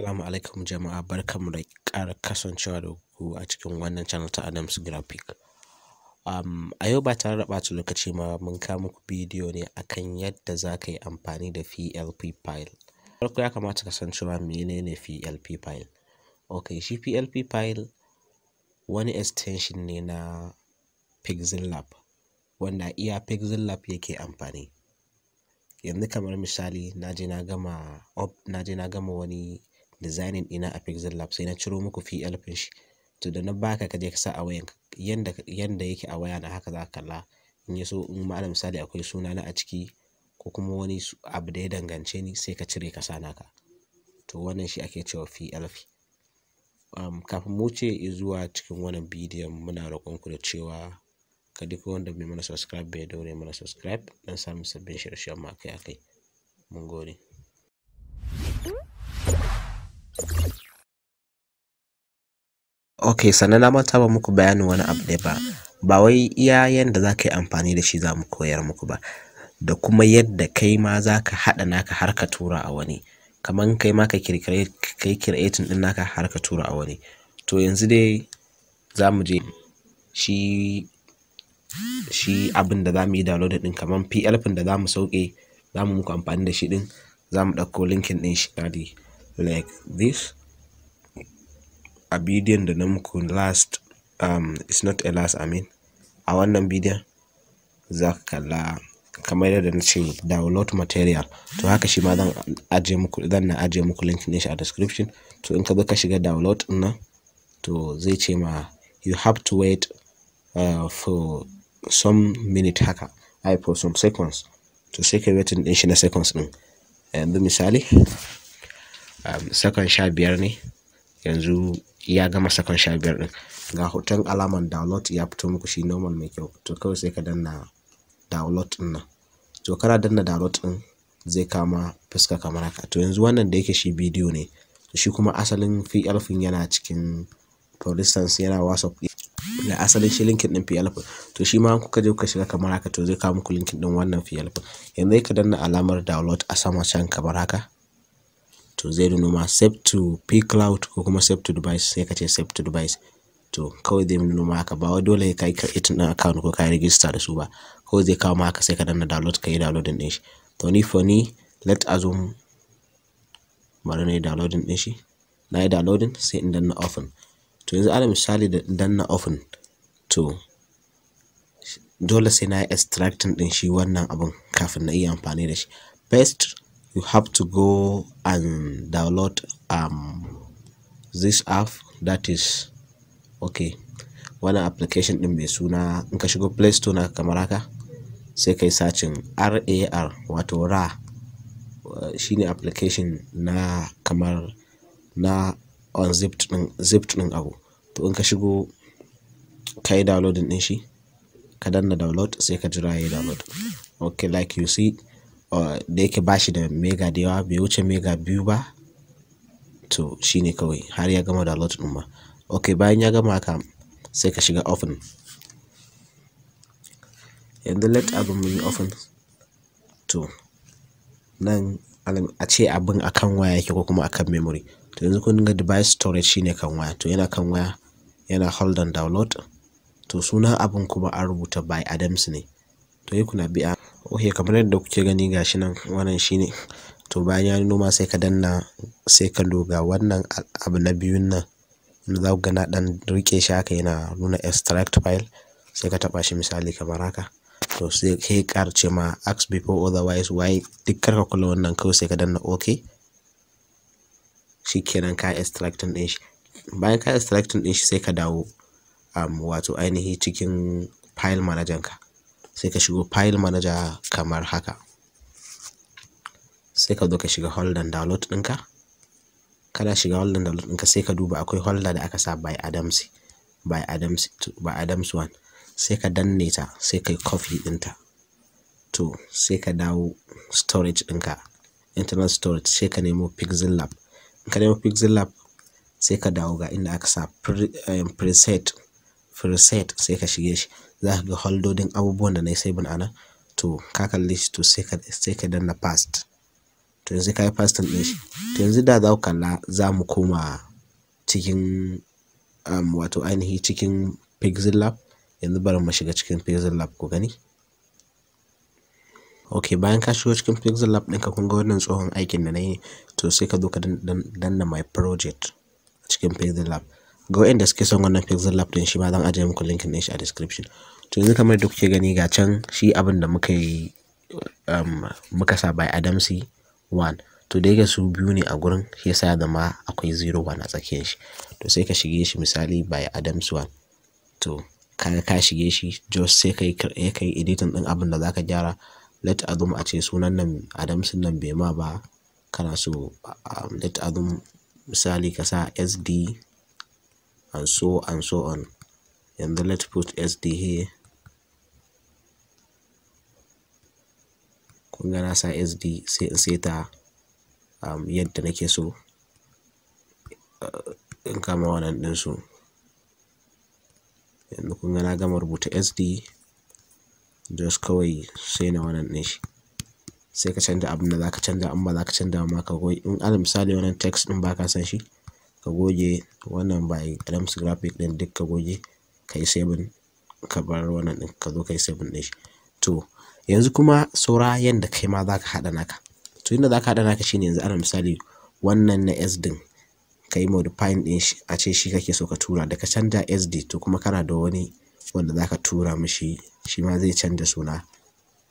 Assalamu alaikum jama'a barkanmu da ƙara kasancewa da ku a cikin wannan channel ta Adams Graphic. Um, a yau ba tare da ɓata lokaci ma mun kawo muku bidiyo ne akan yadda za ka yi amfani da PLP file. Farko ya kamata ka san cewa menene PLP file. Ok, shi PLP file wani extension ne na Pixel Lab wanda iya Pixel Lab yake amfani. Yanzu kamar misali na je na gama wani designing ina a Pixel Lab sai na ciro muku fi alfin shi. To da na baka ka je ka sa a wayan yanda yanda yake a waya na haka za ka kalla. In yaso in ma alal misali akwai na a ciki ko kuma wani abu da ya dangance ni sai ka cire ka sa naka. To wannan shi ake cewa alfi Um, kafin mu wuce zuwa cikin wannan bidiyon muna roƙon ku da cewa ka duk wanda bai mana subscribe bai daure mana subscribe don samun sabbin shirye-shiryen mu akai-akai. Mun gode. ok sannan na mata ba muku bayanin wani abu ɗaya ba ba wai iya yadda za ka yi amfani da shi za mu koyar muku ba da kuma yadda kai ma za ka haɗa naka har ka tura a wani kamar kai ma ka kirkire kai creating din naka har ka tura a wani to yanzu dai za mu je shi shi abin da za mu yi download din kamar P.L.P da za mu sauke za mu muku amfani da shi din za mu ɗauko linkin din shi like this a bidiyon da na muku last um, it's not a last I mean a wannan bidiyon za ka kalla kamar yadda na ce download material to haka shi ma zan ajiye muku zan na ajiye muku link ne shi a description to in ka zo ka shiga download din nan to zai ce ma you have to wait uh, for some minute haka I for some seconds to sai ka waiting din shi na seconds din yanzu misali Um, sakan sha biyar ne yanzu ya gama sakan sha biyar ɗin ga hoton alaman download ya fito muku shi normal mai kyau to kawai sai ka danna download ɗin nan to kana danna download ɗin zai kama fuska kamar haka to yanzu wannan da yake shi bidiyo ne to shi kuma asalin FI alfin yana cikin for instance yana whatsapp da asalin shi linkin din alfin, to shi ma kuka je kuka shiga kamar haka to zai kawo muku linkin din wannan alfin. yanzu ka danna alamar download a sama can kamar haka to zero ma save to pcloud ko kuma save to device sai ka ce save to device to kawai zai nuna ma haka ba wai dole ka yi creating ɗin account ko ka yi register da su ba kawai zai kawo ma haka sai ka danna download ka yi downloading ɗin shi to ni for ni let azum bari na yi downloading ɗin shi na yi downloading sai in danna open to yanzu ana misali da danna open to dole sai na yi extracting ɗin shi wannan abun kafin na iya amfani da shi best you have to go and download um, this app that is okay wannan application din mai suna in ka shigo play store na kamar haka sai kai sacin rar wato ra uh, shine application na kamar na unzipped din zipped din abu to in ka shigo kai downloading din shi ka danna download sai ka jira ya download okay like you see da yake ba shi da mega da yawa bai wuce mega biyu ba to shine kawai har ya gama lot ɗin ba ok bayan ya gama haka sai ka shiga ofin yanzu let abin mun yi to nan a ce abin a kan waya yake ko kuma kan memory to yanzu kun ga device storage shine kan waya to yana kan waya yana hold on download to sunan abin kuma an rubuta by adams ne to yi kuna biya Ok kamar yadda kuke gani gashi nan wannan shine. To bayan ya noma sai ka danna sai ka ga wannan abu na biyun nan. Za ku gana na rike shi haka yana nuna extract file sai ka taba shi misali kamar haka. To sai kai karce ma ask before otherwise why duk kar ka kula wannan kawai sai ka danna ok. Shi kenan ka extracting din shi. Bayan ka extracting din shi sai ka dawo um, wato ainihi cikin file manajan ka. sai ka shigo file manager kamar haka sai ka zo ka shiga holder download ɗinka kana shiga holder download ɗinka sai ka duba akwai holder da aka sa by adams by adams by adams one sai ka danne ta sai kai copy ɗinta to sai ka dawo storage ɗinka internal storage sai ka nemo pixel lab in ka nemo pixel lab sai ka dawo ga inda aka sa eh, preset preset sai ka shige shi za ka ga holdodin abubuwan da na yi saving a nan to ka kalli shi to sai ka sai ka danna past to yanzu ka yi past shi to yanzu da za ku kalla za mu koma cikin um, wato ainihi cikin pixel lab yanzu bari mu shiga cikin pixel lab ku gani ok bayan ka shigo cikin pixel lab ɗinka kun ga wannan tsohon aikin da na yi to sai ka zo ka danna my project cikin pixel lab ga wayanda suke son wannan Pixel Lab din shi ma zan ajiye muku linkin din shi a description to yanzu kamar da kuke gani ga can shi abin da muka yi um, muka sa by Adamsi 1 to da yake su biyu ne a gurin shi yasa da ma akwai 01 a tsakiyar shi to sai ka shige shi misali by Adams 1 to ka ka shige shi just sai kai kai editing din abin da zaka gyara let azum a ce sunan nan Adams nan bai ma ba kana so um, let azum misali ka sa SD and so and so on. And then let's put SD here. kunga na sa SD sai in seta um, yadda nake so uh, in kama wannan ɗinsu. Yanzu kunga na gama rubuta SD just kawai sai na wannan din shi. sai ka canza abin da za ka canza in ba za ka canza ma ka goyi in alal misali wannan text ɗin ba ka san shi ka goge wannan ba Adams graphic ɗin duk ka goge ka yi saving ka bar wannan ɗin ka zo ka yi saving ɗin shi to yanzu kuma saura yanda kai ma zaka ka haɗa naka to inda za ka haɗa naka shine yanzu ana misali wannan na s din ka yi modifying ɗin shi a ce shi kake so ka tura da ka canja sd to kuma kana da wani wanda za ka tura mishi shi ma zai canja suna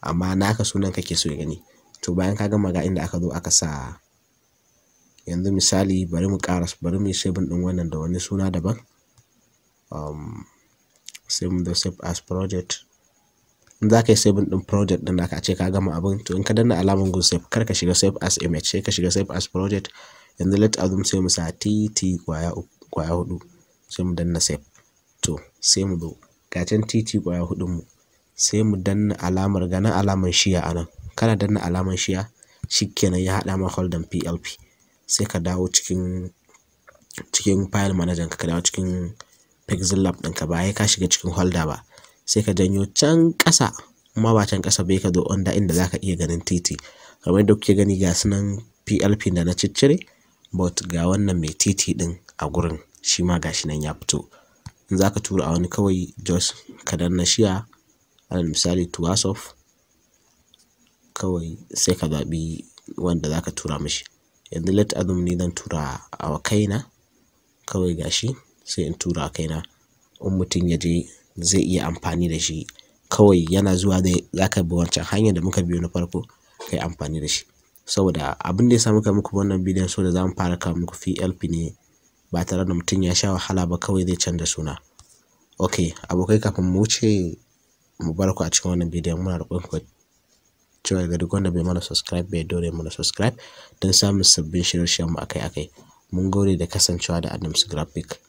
amma naka sunan kake so ya gani to bayan ka gama ga inda aka zo aka sa yanzu misali bari mu ƙara bari mu yi saving ɗin wannan da wani suna daban um, save the save as project in za ka yi saving ɗin project ɗin naka ce ka gama abin to in ka danna alamun gun save kar ka shiga save as image sai ka shiga save as project yanzu let azum sai mu sa titi kwaya kwaya hudu sai mu danna save to sai mu zo can titi kwaya hudu mu sai mu danna alamar ganin alamar shiya anan kana danna alamar shiya shikenan ya haɗa ma holdem plp sai ka dawo cikin cikin file manager ka dawo cikin pixel lab ɗinka ba ya ka shiga cikin holder ba sai ka janyo can ƙasa kuma ba can ƙasa bai ka zo under inda za ka iya ganin titi kamar yadda kuke gani ga sunan plp da na ciccire but ga wannan mai titi ɗin a gurin shi ma gashi nan ya fito in za ka tura a wani kawai jos ka na shiya alal misali tuwasof kawai sai ka zaɓi wanda za ka tura mashi. yanzu let azum ne zan tura a kaina kawai gashi sai in tura a kaina in mutum ya je zai iya amfani da shi kawai yana zuwa zai zaka bi wancan hanyar da muka biyo na farko kai amfani da shi saboda abin da ya sa muka muku wannan bidiyon so da mu fara kawo muku PLP ne ba tare da mutum ya sha wahala ba kawai zai canza suna ok abokai kafin mu wuce mu bar ku a cikin wannan bidiyon muna roƙon ku cewa ga duk wanda bai mana subscribe bai dore mana subscribe don samun sabbin shirye mu akai-akai. Mun gode da kasancewa da Adams Graphic.